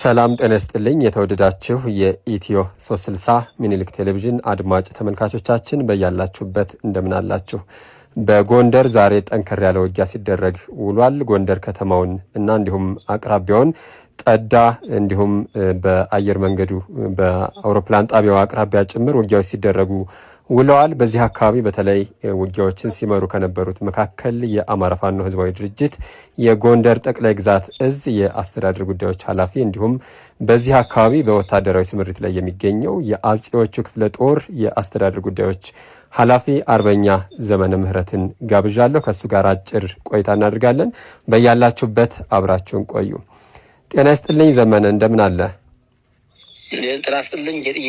ሰላም ጤና ስጥልኝ። የተወደዳችሁ የኢትዮ 360 ሚኒሊክ ቴሌቪዥን አድማጭ ተመልካቾቻችን በያላችሁበት እንደምናላችሁ። በጎንደር ዛሬ ጠንከር ያለ ውጊያ ሲደረግ ውሏል። ጎንደር ከተማውን እና እንዲሁም አቅራቢያውን ጠዳ እንዲሁም በአየር መንገዱ በአውሮፕላን ጣቢያው አቅራቢያ ጭምር ውጊያዎች ሲደረጉ ውለዋል። በዚህ አካባቢ በተለይ ውጊያዎችን ሲመሩ ከነበሩት መካከል የአማራ ፋኖ ህዝባዊ ድርጅት የጎንደር ጠቅላይ ግዛት እዝ የአስተዳደር ጉዳዮች ኃላፊ እንዲሁም በዚህ አካባቢ በወታደራዊ ስምሪት ላይ የሚገኘው የአጼዎቹ ክፍለ ጦር የአስተዳደር ጉዳዮች ኃላፊ አርበኛ ዘመነ ምህረትን ጋብዣለሁ። ከእሱ ጋር አጭር ቆይታ እናድርጋለን። በያላችሁበት አብራችሁን ቆዩ። ጤና ይስጥልኝ ዘመነ፣ እንደምን አለ? ጤና ይስጥልኝ ጌጥዬ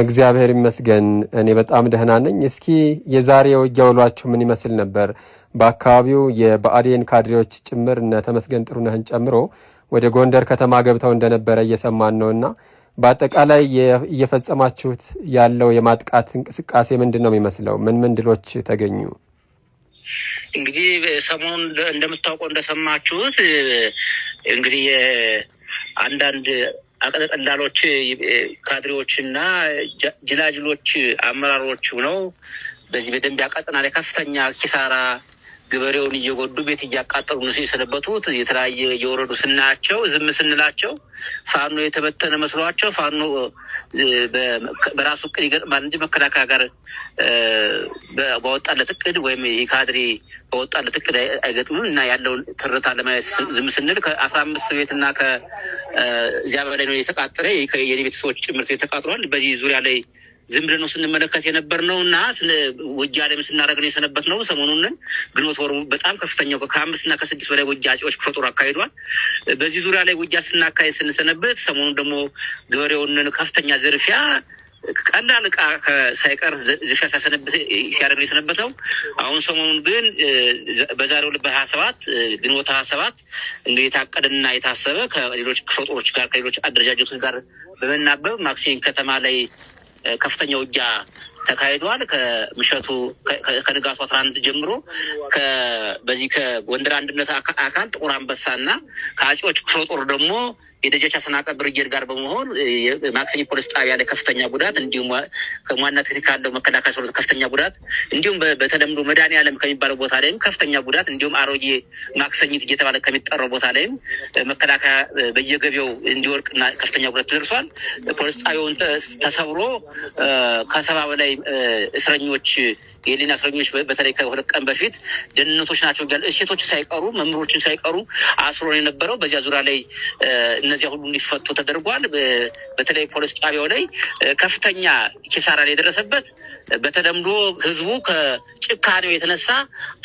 እግዚአብሔር ይመስገን እኔ በጣም ደህና ነኝ። እስኪ የዛሬ እያውሏችሁ ውሏችሁ ምን ይመስል ነበር? በአካባቢው የብአዴን ካድሬዎች ጭምር እነ ተመስገን ጥሩነህን ጨምሮ ወደ ጎንደር ከተማ ገብተው እንደነበረ እየሰማን ነው እና በአጠቃላይ እየፈጸማችሁት ያለው የማጥቃት እንቅስቃሴ ምንድን ነው የሚመስለው? ምን ምን ድሎች ተገኙ? እንግዲህ ሰሞኑን እንደምታውቀው እንደሰማችሁት እንግዲህ አንዳንድ አቅለጠላሎች፣ ካድሬዎች እና ጅላጅሎች አመራሮች ሆነው በዚህ በደንብ ያቀጥናል የከፍተኛ ኪሳራ ገበሬውን እየጎዱ ቤት እያቃጠሉ ነው የሰነበቱት። የተለያየ እየወረዱ ስናያቸው ዝም ስንላቸው ፋኖ የተበተነ መስሏቸው ፋኖ በራሱ እቅድ ይገጥማል እንጂ መከላከያ ጋር በወጣለት እቅድ ወይም የካድሬ በወጣለት እቅድ አይገጥምም እና ያለውን ትርታ ለማየት ዝም ስንል ከአስራ አምስት ቤት እና ከዚያ በላይ ነው የተቃጠለ የቤተሰቦች ጭምርት ተቃጥሏል። በዚህ ዙሪያ ላይ ዝም ብለን ነው ስንመለከት የነበር ነው እና ውጊያ ላይም ስናደርግ ነው የሰነበት ነው። ሰሞኑንን ግንቦት ወሩ በጣም ከፍተኛው ከአምስት እና ከስድስት በላይ ውጊያ አፄዎች ክፍለ ጦር አካሂዷል። በዚህ ዙሪያ ላይ ውጊያ ስናካሄድ ስንሰነበት፣ ሰሞኑን ደግሞ ገበሬውንን ከፍተኛ ዝርፊያ ቀላል እቃ ሳይቀር ዝፊያ ሲያሰነብት ሲያደርግ የሰነበተው አሁን ሰሞኑን ግን በዛሬው ልበ ሀያ ሰባት ግንቦት ሀያ ሰባት እንግዲህ የታቀደና የታሰበ ከሌሎች ክፍለ ጋር ከሌሎች አደረጃጀቶች ጋር በመናበብ ማክሲን ከተማ ላይ ከፍተኛ ውጊያ ተካሂዷል። ከምሸቱ ከንጋቱ አስራ አንድ ጀምሮ በዚህ ከጎንደር አንድነት አካል ጥቁር አንበሳና ከአጼዎች ክፍለ ጦር ደግሞ የደጃች አሰናቀ ብርጌድ ጋር በመሆን ማክሰኝ ፖሊስ ጣቢያ ላይ ከፍተኛ ጉዳት እንዲሁም ከሟና ትክቲ ካለው መከላከያ ሰራዊት ከፍተኛ ጉዳት እንዲሁም በተለምዶ መድኃኔዓለም ከሚባለው ቦታ ላይም ከፍተኛ ጉዳት እንዲሁም አሮጌ ማክሰኝት እየተባለ ከሚጠራው ቦታ ላይም መከላከያ በየገቢያው እንዲወርቅና ከፍተኛ ጉዳት ተደርሷል። ፖሊስ ጣቢያውን ተሰብሮ ከሰባ በላይ እስረኞች የህሊና እስረኞች በተለይ ከሁለት ቀን በፊት ደህንነቶች ናቸው እያለ እሴቶች ሳይቀሩ መምህሮችን ሳይቀሩ አስሮ የነበረው። በዚያ ዙሪያ ላይ እነዚያ ሁሉ እንዲፈቱ ተደርጓል። በተለይ ፖሊስ ጣቢያው ላይ ከፍተኛ ኪሳራ ላይ የደረሰበት በተለምዶ ህዝቡ ከጭካኔው የተነሳ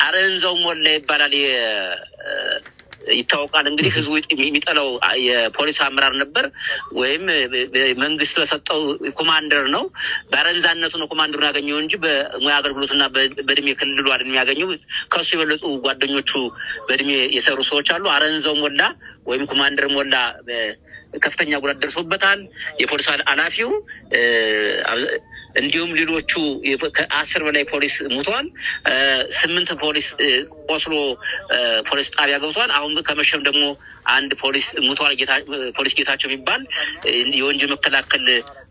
አረንዛው ሞላ ይባላል ይታወቃል። እንግዲህ ህዝቡ የሚጠላው የፖሊስ አመራር ነበር ወይም መንግስት በሰጠው ኮማንደር ነው። በአረንዛነቱ ነው ኮማንደሩን ያገኘው እንጂ በሙያ አገልግሎትና በእድሜ ክልሉ አይደል የሚያገኘው። ከሱ የበለጡ ጓደኞቹ በእድሜ የሰሩ ሰዎች አሉ። አረንዘው ሞላ ወይም ኮማንደር ሞላ ከፍተኛ ጉዳት ደርሶበታል። የፖሊስ ኃላፊው እንዲሁም ሌሎቹ ከአስር በላይ ፖሊስ ሙተዋል። ስምንት ፖሊስ ቆስሎ ፖሊስ ጣቢያ ገብቷል። አሁን ከመሸም ደግሞ አንድ ፖሊስ ሙቷል። ፖሊስ ጌታቸው የሚባል የወንጀል መከላከል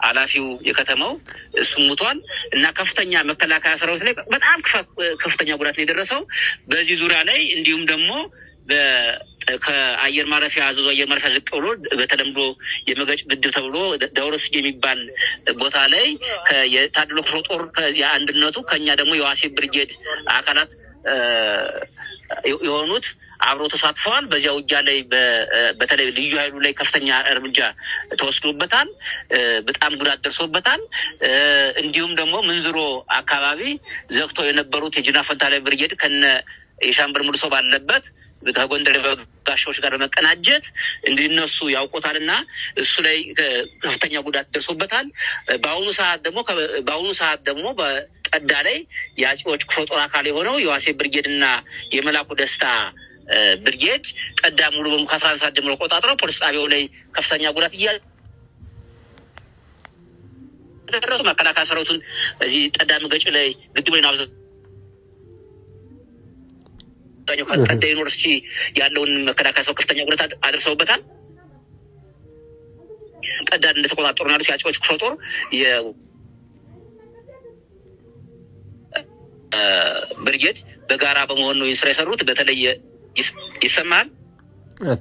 ኃላፊው የከተማው እሱ ሙቷል እና ከፍተኛ መከላከያ ሰራዊት ላይ በጣም ከፍተኛ ጉዳት ነው የደረሰው በዚህ ዙሪያ ላይ እንዲሁም ደግሞ ከአየር ማረፊያ አዘዞ አየር ማረፊያ ዝቅ ብሎ በተለምዶ የመገጭ ግድብ ተብሎ ደውረስ የሚባል ቦታ ላይ የታድሎ ክፍለ ጦር የአንድነቱ ከኛ ደግሞ የዋሴ ብርጌድ አካላት የሆኑት አብሮ ተሳትፈዋል። በዚያ ውጊያ ላይ በተለይ ልዩ ኃይሉ ላይ ከፍተኛ እርምጃ ተወስዶበታል። በጣም ጉዳት ደርሶበታል። እንዲሁም ደግሞ ምንዝሮ አካባቢ ዘግተው የነበሩት የጅና ፈንታ ላይ ብርጌድ ከነ የሻምበል ሙልሶ ባለበት ከጎንደር ጋሻዎች ጋር በመቀናጀት እንዲነሱ ያውቆታል እና እሱ ላይ ከፍተኛ ጉዳት ደርሶበታል። በአሁኑ ሰዓት ደግሞ በአሁኑ ሰዓት ደግሞ በጠዳ ላይ የአጼዎች ክፍለ ጦር አካል የሆነው የዋሴ ብርጌድ እና የመላኩ ደስታ ብርጌድ ጠዳ ሙሉ በሙሉ ከአስራ ጀምሮ ቆጣጥረው ፖሊስ ጣቢያው ላይ ከፍተኛ ጉዳት እያ ደረሱ መከላከያ ሰራዊቱን እዚህ ጠዳ መገጭ ላይ ግድቦ አብዛኛው ከአንተ ዩኒቨርሲቲ ያለውን መከላከያ ሰው ከፍተኛ ጉዳት አድርሰውበታል። ቀዳድ እንደተቆጣጠሩ ያሉት የአፄዎች ክፍለ ጦር ብርጌድ በጋራ በመሆን ነው ስራ የሰሩት። በተለይ ይሰማል፣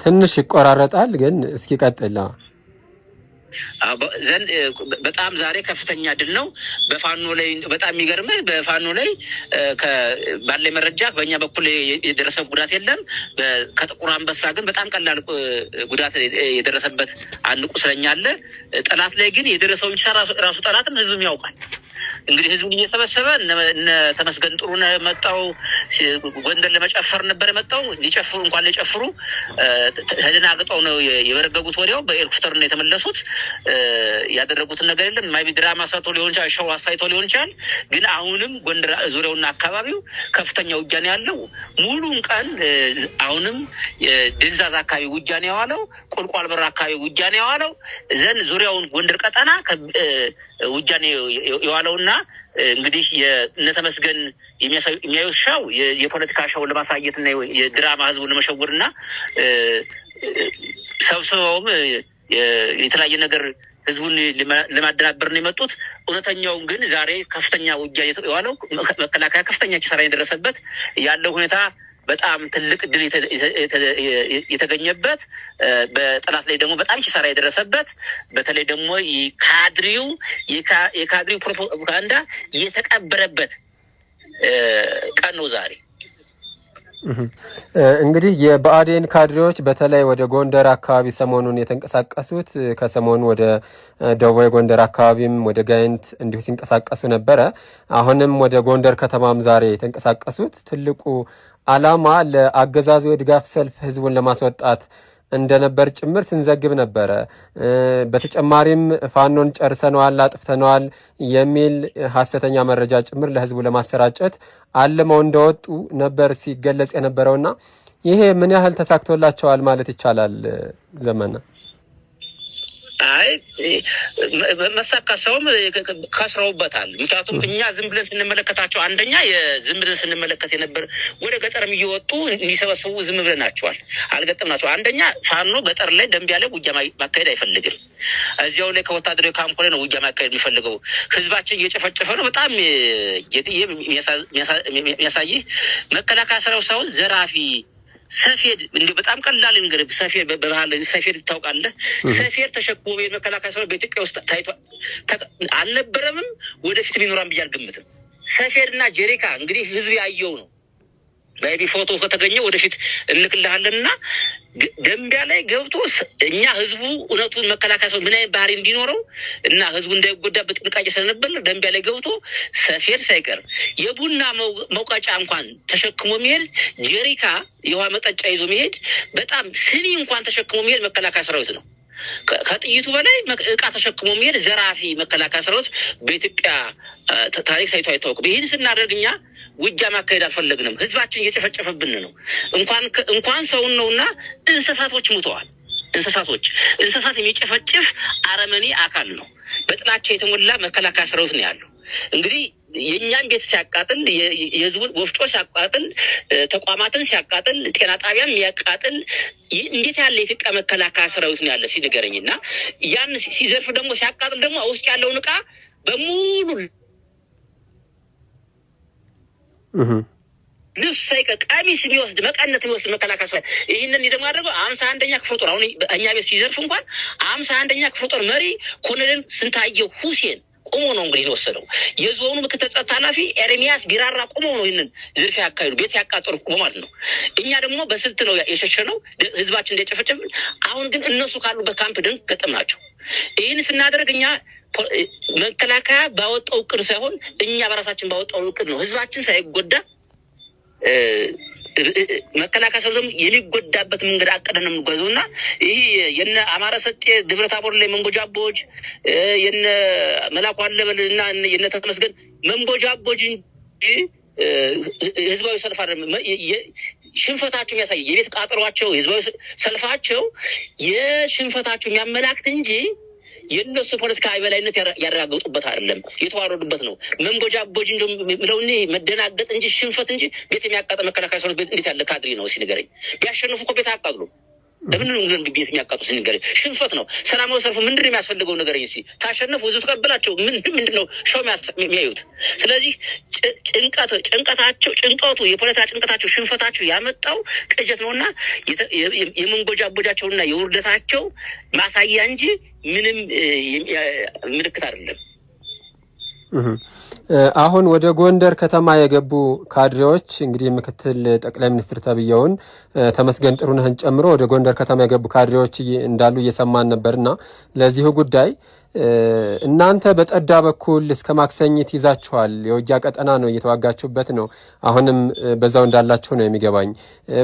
ትንሽ ይቆራረጣል፣ ግን እስኪ ቀጥል በጣም ዛሬ ከፍተኛ ድል ነው። በፋኖ ላይ በጣም የሚገርምህ በፋኖ ላይ ባለ መረጃ በእኛ በኩል የደረሰ ጉዳት የለም። ከጥቁር አንበሳ ግን በጣም ቀላል ጉዳት የደረሰበት አንድ ቁስለኛ አለ። ጠላት ላይ ግን የደረሰው እንጂ ራሱ ጠላትም ህዝብም ያውቃል። እንግዲህ ህዝቡን እየሰበሰበ እነ ተመስገን ጥሩነህ መጣው ጎንደር ለመጨፈር ነበር የመጣው። ሊጨፍሩ እንኳን ሊጨፍሩ ተደናግጠው ነው የበረገጉት። ወዲያው በሄሊኮፕተር ነው የተመለሱት። ያደረጉትን ነገር የለም። ማይቢ ድራማ ሰርቶ ሊሆን ይችላል፣ ሸው አሳይቶ ሊሆን ይችላል። ግን አሁንም ጎንደር ዙሪያውና አካባቢው ከፍተኛ ውጊያ ነው ያለው። ሙሉን ቀን አሁንም ድንዛዝ አካባቢ ውጊያ ነው የዋለው። ቁልቋል በር አካባቢ ውጊያ ነው የዋለው። ዘን ዙሪያውን ጎንደር ቀጠና ውጊያ ነው የዋለውና እንግዲህ እነተመስገን የሚያዩ ሻው የፖለቲካ ሻው ና የድራማ ህዝቡን ለመሸወርና ሰብስበውም የተለያየ ነገር ህዝቡን ለማደናበር ነው የመጡት። እውነተኛውም ግን ዛሬ ከፍተኛ ውጊያ የዋለው መከላከያ ከፍተኛ ኪሳራ የደረሰበት ያለው ሁኔታ በጣም ትልቅ ድል የተገኘበት በጠላት ላይ ደግሞ በጣም ኪሳራ የደረሰበት በተለይ ደግሞ ካድሪው የካድሪው ፕሮፓጋንዳ የተቀበረበት ቀን ነው ዛሬ። እንግዲህ የብአዴን ካድሬዎች በተለይ ወደ ጎንደር አካባቢ ሰሞኑን የተንቀሳቀሱት ከሰሞኑ ወደ ደቡባዊ ጎንደር አካባቢም ወደ ጋይንት እንዲሁ ሲንቀሳቀሱ ነበረ። አሁንም ወደ ጎንደር ከተማም ዛሬ የተንቀሳቀሱት ትልቁ ዓላማ ለአገዛዙ የድጋፍ ሰልፍ ህዝቡን ለማስወጣት እንደነበር ጭምር ስንዘግብ ነበረ። በተጨማሪም ፋኖን ጨርሰነዋል፣ አጥፍተነዋል የሚል ሀሰተኛ መረጃ ጭምር ለህዝቡ ለማሰራጨት አልመው እንደወጡ ነበር ሲገለጽ የነበረውና ይሄ ምን ያህል ተሳክቶላቸዋል ማለት ይቻላል ዘመና አይ መሳካ ሰውም ከስረውበታል። ምክንያቱም እኛ ዝም ብለን ስንመለከታቸው አንደኛ ዝም ብለን ስንመለከት የነበር ወደ ገጠርም እየወጡ እንዲሰበስቡ ዝም ብለን ናቸዋል ናቸው። አንደኛ ፋኖ ገጠር ላይ ደንቢያ ላይ ውጊያ ማካሄድ አይፈልግም። እዚያው ላይ ከወታደራዊ ካምፖ ላይ ነው ውጊያ ማካሄድ የሚፈልገው። ህዝባችን እየጨፈጨፈ ነው። በጣም የሚያሳይህ መከላከያ ሰራዊት ሰውን ዘራፊ ሰፌድ እንዲሁ በጣም ቀላል ንገር ሰፌድ በባህል ሰፌድ ታውቃለህ? ሰፌድ ተሸክሞ መከላከያ ሰራዊት በኢትዮጵያ ውስጥ ታይቷ አልነበረምም፣ ወደፊት ሊኖራም ብዬ አልገምትም። ሰፌድ እና ጀሪካ እንግዲህ ህዝብ ያየው ነው። በአይዲ ፎቶ ከተገኘ ወደፊት እንልክልሃለን ደንቢያ ላይ ገብቶ እኛ ህዝቡ እውነቱን መከላከያ ሰው ምን አይነት ባህሪ እንዲኖረው እና ህዝቡ እንዳይጎዳ በጥንቃቄ ስለነበር ደንቢያ ላይ ገብቶ ሰፌድ ሳይቀር የቡና መውቃጫ እንኳን ተሸክሞ መሄድ፣ ጀሪካ የውሃ መጠጫ ይዞ መሄድ፣ በጣም ስኒ እንኳን ተሸክሞ መሄድ መከላከያ ሰራዊት ነው። ከጥይቱ በላይ እቃ ተሸክሞ መሄድ ዘራፊ መከላከያ ሰራዊት በኢትዮጵያ ታሪክ ታይቶ አይታወቅም። ይህን ስናደርግ እኛ ውጊያ ማካሄድ አልፈለግንም። ህዝባችን እየጨፈጨፈብን ነው። እንኳን ሰውን ነውና እንስሳቶች ሙተዋል። እንስሳቶች እንስሳት የሚጨፈጭፍ አረመኔ አካል ነው። በጥላቸው የተሞላ መከላከያ ሰራዊት ነው ያለው። እንግዲህ የእኛን ቤት ሲያቃጥል፣ የህዝቡን ወፍጮ ሲያቃጥል፣ ተቋማትን ሲያቃጥል፣ ጤና ጣቢያም የሚያቃጥል እንዴት ያለ የኢትዮጵያ መከላከያ ሰራዊት ነው ያለ ሲነገረኝ እና ያን ሲዘርፍ ደግሞ ሲያቃጥል ደግሞ ውስጥ ያለውን እቃ በሙሉ ልብስ ሳይቀር ቀሚስ የሚወስድ መቀነት የሚወስድ መከላከያ ሰራዊት ይህንን ደግሞ ያደረገው አምሳ አንደኛ ክፍለ ጦር አሁን እኛ ቤት ሲዘርፍ እንኳን አምሳ አንደኛ ክፍለ ጦር መሪ ኮሎኔል ስንታየው ሁሴን ቁሞ ነው እንግዲህ የወሰደው። የዞኑ ምክትል ጸጥታ ኃላፊ ኤርሚያስ ቢራራ ቁሞ ነው ይህንን ዝርፊያ ያካሄዱ ቤት ያቃጠሩ ቁሞ ማለት ነው። እኛ ደግሞ በስልት ነው የሸሸነው፣ ህዝባችን እንደጨፈጨፍ። አሁን ግን እነሱ ካሉበት ካምፕ ድንቅ ገጠም ናቸው። ይህን ስናደርግ እኛ መከላከያ ባወጣው እቅድ ሳይሆን እኛ በራሳችን ባወጣው እቅድ ነው። ህዝባችን ሳይጎዳ መከላከያ ሰብም የሚጎዳበት መንገድ አቀደን የምንጓዘው እና ይህ የነ አማረ ሰጤ ድብረ ታቦር ላይ መንጎጃቦጅ የነ መላኩ አለበል እና የነ ተመስገን መንጎጃቦጅ እንጂ ህዝባዊ ሰልፍ ሽንፈታቸው የሚያሳይ የቤት ቃጠሏቸው፣ ህዝባዊ ሰልፋቸው የሽንፈታቸው የሚያመላክት እንጂ የእነሱ ፖለቲካ የበላይነት ያረጋገጡበት አይደለም። የተዋረዱበት ነው። መንጎጃጎጅ እንጂ ምለው መደናገጥ እንጂ ሽንፈት እንጂ ቤት የሚያቃጠ መከላከያ ሰራዊት ቤት እንዴት ያለ ካድሬ ነው? እስኪ ንገረኝ። ቢያሸንፉ እኮ ቤት አያቃጥሉም። ለምንድን ነው ዘንድ ቤት ሲንገር ሽንፈት ነው። ሰላማዊ ሰልፉ ምንድን የሚያስፈልገው ነገር ይ ታሸነፉ እዚሁ ተቀበላቸው። ምንድን ነው ሸው የሚያዩት? ስለዚህ ጭንቀታቸው ጭንቀቱ የፖለቲካ ጭንቀታቸው ሽንፈታቸው ያመጣው ቅጀት ነውና የመንጎጃቦጃቸውና የውርደታቸው ማሳያ እንጂ ምንም ምልክት አይደለም። አሁን ወደ ጎንደር ከተማ የገቡ ካድሬዎች እንግዲህ ምክትል ጠቅላይ ሚኒስትር ተብየውን ተመስገን ጥሩነህን ጨምሮ ወደ ጎንደር ከተማ የገቡ ካድሬዎች እንዳሉ እየሰማን ነበርና ለዚሁ ጉዳይ እናንተ በጠዳ በኩል እስከ ማክሰኝት ይዛችኋል። የውጊያ ቀጠና ነው፣ እየተዋጋችሁበት ነው። አሁንም በዛው እንዳላችሁ ነው የሚገባኝ።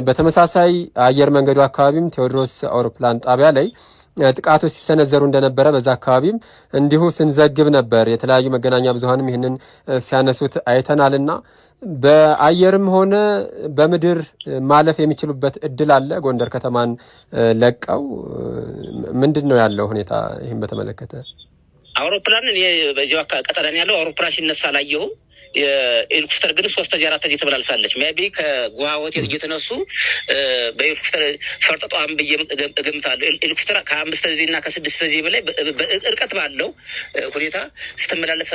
በተመሳሳይ አየር መንገዱ አካባቢም ቴዎድሮስ አውሮፕላን ጣቢያ ላይ ጥቃቶች ሲሰነዘሩ እንደነበረ በዛ አካባቢም እንዲሁ ስንዘግብ ነበር። የተለያዩ መገናኛ ብዙሀንም ይህንን ሲያነሱት አይተናልና በአየርም ሆነ በምድር ማለፍ የሚችሉበት እድል አለ። ጎንደር ከተማን ለቀው ምንድን ነው ያለው ሁኔታ? ይህም በተመለከተ አውሮፕላንን በዚ ቀጠለን ያለው አውሮፕላን ሲነሳ አላየሁም። ኤልኩፍተር ግን ሶስተኛ አራተኛ ተመላልሳለች። ሜቢ ከጉሃ ሆቴል እየተነሱ በኤልኩፍተር ፈርጠጧን ብዬ እገምታለሁ። ኤልኩፍተር ከአምስት ጊዜ እና ከስድስት ጊዜ በላይ እርቀት ባለው ሁኔታ ስትመላለስ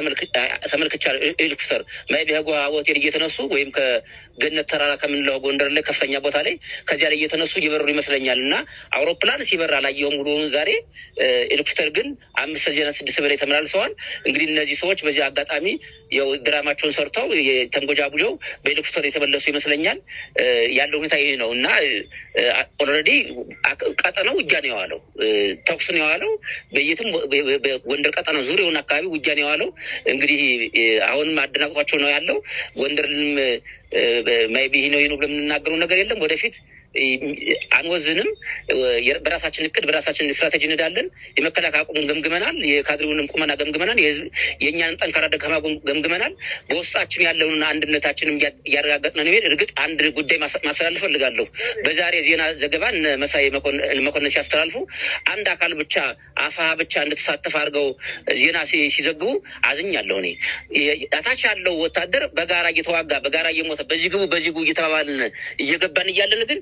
ተመልክቻለሁ። ኤልኩፍተር ቢ ከጓወት እየተነሱ ወይም ከገነት ተራራ ከምንለው ጎንደር ላይ ከፍተኛ ቦታ ላይ ከዚያ ላይ እየተነሱ እየበረሩ ይመስለኛል እና አውሮፕላን ሲበር አላየሁም ውሎውን ዛሬ። ኤልኩፍተር ግን አምስት ጊዜና ስድስት በላይ ተመላልሰዋል። እንግዲህ እነዚህ ሰዎች በዚህ አጋጣሚ ያው ድራማቸውን ሰርተው ተንጎጃ ቡጀው በኤሌክትር የተመለሱ ይመስለኛል። ያለው ሁኔታ ይህ ነው እና ኦልሬዲ ቀጠናው ውጊያ ነው የዋለው፣ ተኩስ ነው የዋለው። በየትም ጎንደር ቀጠና ዙሪያውን አካባቢ ውጊያ ነው የዋለው። እንግዲህ አሁንም አደናቅቷቸው ነው ያለው። ጎንደርም ማይቢ ነው ይኑ ብለምንናገረው ነገር የለም ወደፊት አንወዝንም። በራሳችን እቅድ በራሳችን ስትራቴጂ እንዳለን የመከላከያ አቁሙን ገምግመናል። የካድሬውንም ቁመና ገምግመናል። የእኛን ጠንካራ ደካማ ገምግመናል። በውስጣችን ያለውን አንድነታችንም እያረጋገጥ ነው። እርግጥ አንድ ጉዳይ ማስተላለፍ ፈልጋለሁ። በዛሬ ዜና ዘገባ መሳይ መኮንን ሲያስተላልፉ አንድ አካል ብቻ አፋ ብቻ እንድትሳተፍ አድርገው ዜና ሲዘግቡ አዝኛለሁ። እኔ ታች ያለው ወታደር በጋራ እየተዋጋ በጋራ እየሞተ በዚህ ግቡ በዚህ ግቡ እየተባባልን እየገባን እያለን ግን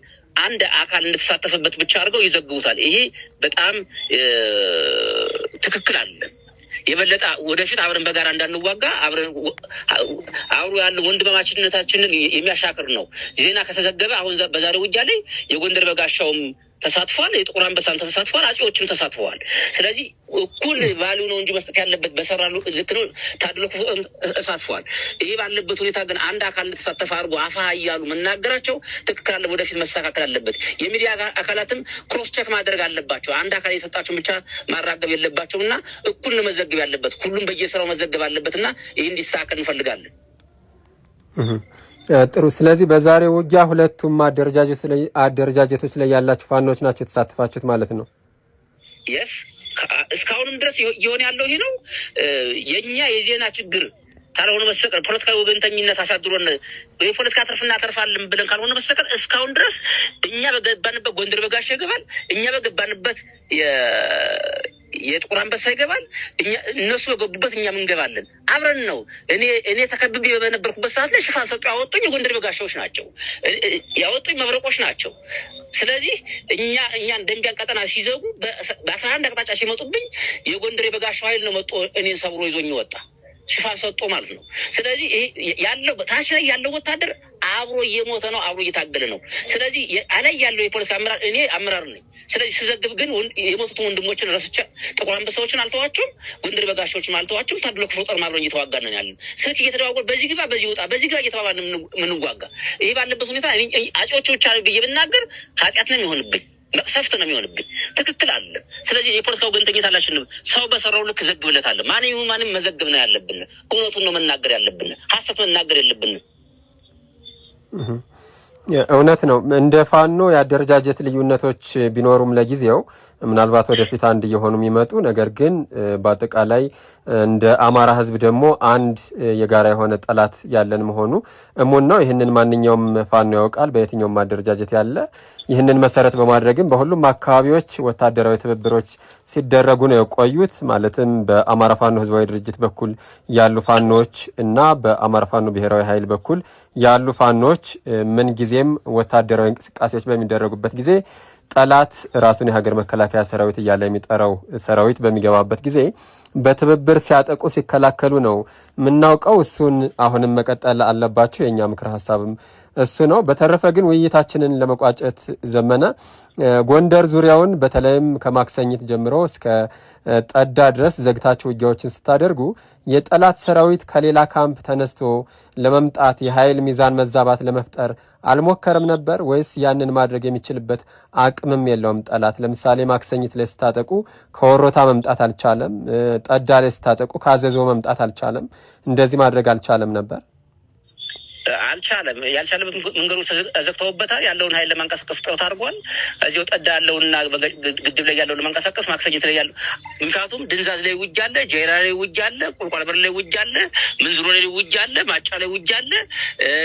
አንድ አካል እንደተሳተፈበት ብቻ አድርገው ይዘግቡታል። ይሄ በጣም ትክክል አለ የበለጠ ወደፊት አብረን በጋራ እንዳንዋጋ አብረን አብሮ ያለ ወንድማማችነታችንን የሚያሻክር ነው። ዜና ከተዘገበ አሁን በዛሬ ውጊያ ላይ የጎንደር በጋሻውም ተሳትፏል። የጥቁር አንበሳም ተሳትፏል። አጼዎችም ተሳትፈዋል። ስለዚህ እኩል ቫሊዩ ነው እንጂ መስጠት ያለበት በሰራሉ ልክ ነው። ታድሎ ተሳትፏል። ይሄ ባለበት ሁኔታ ግን አንድ አካል እንደተሳተፈ አድርጎ አፋ እያሉ መናገራቸው ትክክል አለ፣ ወደፊት መስተካከል አለበት። የሚዲያ አካላትም ክሮስቸክ ማድረግ አለባቸው። አንድ አካል የሰጣቸውን ብቻ ማራገብ የለባቸውም እና እኩል ነው መዘገብ ያለበት። ሁሉም በየስራው መዘገብ አለበት እና ይህ እንዲስተካከል እንፈልጋለን። ጥሩ። ስለዚህ በዛሬው ውጊያ ሁለቱም አደረጃጀቶች ላይ ያላችሁ ፋኖች ናቸው የተሳተፋችሁት ማለት ነው? የስ እስካሁንም ድረስ እየሆነ ያለው ይሄ ነው። የእኛ የዜና ችግር ካልሆነ በስተቀር ፖለቲካዊ ወገንተኝነት አሳድሮን የፖለቲካ ትርፍ እናተርፋለን ብለን ካልሆነ በስተቀር እስካሁን ድረስ እኛ በገባንበት ጎንደር በጋሻ ይገባል። እኛ በገባንበት የጥቁር አንበሳ ይገባል። እነሱ በገቡበት እኛም እንገባለን። አብረን ነው። እኔ እኔ ተከብቤ በነበርኩበት ሰዓት ላይ ሽፋን ሰጡ ያወጡኝ የጎንደር በጋሻዎች ናቸው ያወጡኝ መብረቆች ናቸው። ስለዚህ እኛ እኛን ደንቢያን ቀጠና ሲዘጉ በአስራ አንድ አቅጣጫ ሲመጡብኝ የጎንደር የበጋሻው ኃይል ነው መጦ እኔን ሰብሮ ይዞኝ ወጣ። ሽፋን ሰጦ ማለት ነው። ስለዚህ ያለው ታች ላይ ያለው ወታደር አብሮ እየሞተ ነው፣ አብሮ እየታገለ ነው። ስለዚህ አላይ ያለው የፖለቲካ አመራር እኔ አመራር ነኝ ስለዚህ ስዘግብ ግን የሞቱትን ወንድሞችን ረስቻ ጥቁር አንበሳዎችን አልተዋቸውም፣ ጎንደር በጋሻዎችን አልተዋቸውም። ታድሎ ክፍሎ ጦር አብረን እየተዋጋን ያለን ስልክ እየተደዋወል በዚህ ግባ በዚህ ውጣ በዚህ ግባ እየተባባል የምንዋጋ ይህ ባለበት ሁኔታ አጮች ብቻ ብዬ ብናገር ኃጢአት ነው የሚሆንብኝ፣ መቅሰፍት ነው የሚሆንብኝ። ትክክል አለ። ስለዚህ የፖለቲካው ወገንተኝነት አላችንም። ሰው በሰራው ልክ ዘግብለት ዘግብለታለሁ። ማንም ማንም መዘግብ ነው ያለብን። እውነቱን ነው መናገር ያለብን። ሀሰት መናገር የለብን እውነት ነው። እንደ ፋኖ የአደረጃጀት ልዩነቶች ቢኖሩም ለጊዜው ምናልባት ወደፊት አንድ እየሆኑ የሚመጡ ነገር ግን በአጠቃላይ እንደ አማራ ሕዝብ ደግሞ አንድ የጋራ የሆነ ጠላት ያለን መሆኑ እሙን ነው። ይህንን ማንኛውም ፋኖ ያውቃል፣ በየትኛውም አደረጃጀት ያለ። ይህንን መሰረት በማድረግም በሁሉም አካባቢዎች ወታደራዊ ትብብሮች ሲደረጉ ነው የቆዩት። ማለትም በአማራ ፋኖ ሕዝባዊ ድርጅት በኩል ያሉ ፋኖዎች እና በአማራ ፋኖ ብሔራዊ ኃይል በኩል ያሉ ፋኖዎች ምን ጊዜ ጊዜም ወታደራዊ እንቅስቃሴዎች በሚደረጉበት ጊዜ ጠላት ራሱን የሀገር መከላከያ ሰራዊት እያለ የሚጠራው ሰራዊት በሚገባበት ጊዜ በትብብር ሲያጠቁ ሲከላከሉ ነው የምናውቀው። እሱን አሁንም መቀጠል አለባቸው። የእኛ ምክር ሀሳብም እሱ ነው። በተረፈ ግን ውይይታችንን ለመቋጨት ዘመነ ጎንደር ዙሪያውን በተለይም ከማክሰኝት ጀምሮ እስከ ጠዳ ድረስ ዘግታችሁ ውጊያዎችን ስታደርጉ የጠላት ሰራዊት ከሌላ ካምፕ ተነስቶ ለመምጣት የኃይል ሚዛን መዛባት ለመፍጠር አልሞከረም ነበር ወይስ ያንን ማድረግ የሚችልበት አቅምም የለውም ጠላት? ለምሳሌ ማክሰኝት ላይ ስታጠቁ ከወሮታ መምጣት አልቻለም። ጠዳ ላይ ስታጠቁ ከአዘዞ መምጣት አልቻለም። እንደዚህ ማድረግ አልቻለም ነበር። አልቻለም። ያልቻለበት መንገዶች ተዘግተውበታል። ያለውን ሀይል ለማንቀሳቀስ ጥረት አድርጓል። እዚው ጠዳ ያለውንና ግድብ ላይ ያለውን ለማንቀሳቀስ ማክሰኞት ላይ ያለው ምክንያቱም ድንዛዝ ላይ ውጊ አለ፣ ጀራ ላይ ውጊ አለ፣ ቁልቋል በር ላይ ውጊ አለ፣ ምንዝሮ ላይ ውጊ አለ፣ ማጫ ላይ ውጊ አለ፣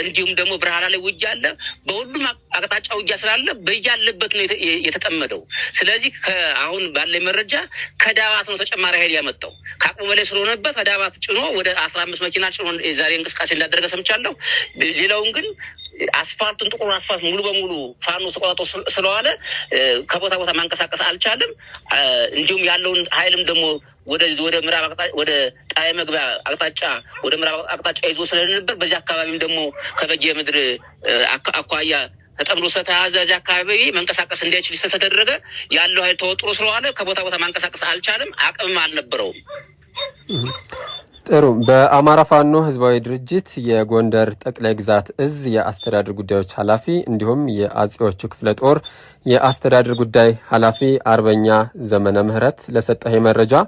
እንዲሁም ደግሞ ብርሃና ላይ ውጊ አለ። በሁሉም አቅጣጫ ውጊያ ስላለ በያለበት ነው የተጠመደው። ስለዚህ አሁን ባለ መረጃ ከዳባት ነው ተጨማሪ ሀይል ያመጣው ከአቅሙ በላይ ስለሆነበት ከዳባት ጭኖ ወደ አስራ አምስት መኪና ጭኖ የዛሬ እንቅስቃሴ እንዳደረገ ሰምቻለሁ። ሌላውን ግን አስፋልቱን ጥቁሩን አስፋልት ሙሉ በሙሉ ፋኖ ተቆጣጦ ስለዋለ ከቦታ ቦታ ማንቀሳቀስ አልቻለም። እንዲሁም ያለውን ኃይልም ደግሞ ወደ ምዕራብ ወደ ጣይ መግቢያ አቅጣጫ ወደ ምዕራብ አቅጣጫ ይዞ ስለነበር በዚህ አካባቢም ደግሞ ከበጌ ምድር አኳያ ተጠምዶ ስለተያዘ እዚህ አካባቢ መንቀሳቀስ እንዳይችል ስለተደረገ ያለው ኃይል ተወጥሮ ስለዋለ ከቦታ ቦታ ማንቀሳቀስ አልቻለም። አቅምም አልነበረውም። ጥሩ በአማራ ፋኖ ህዝባዊ ድርጅት የጎንደር ጠቅላይ ግዛት እዝ የአስተዳደር ጉዳዮች ኃላፊ እንዲሁም የአጼዎቹ ክፍለ ጦር የአስተዳደር ጉዳይ ኃላፊ አርበኛ ዘመነ ምህረት ለሰጠህ መረጃ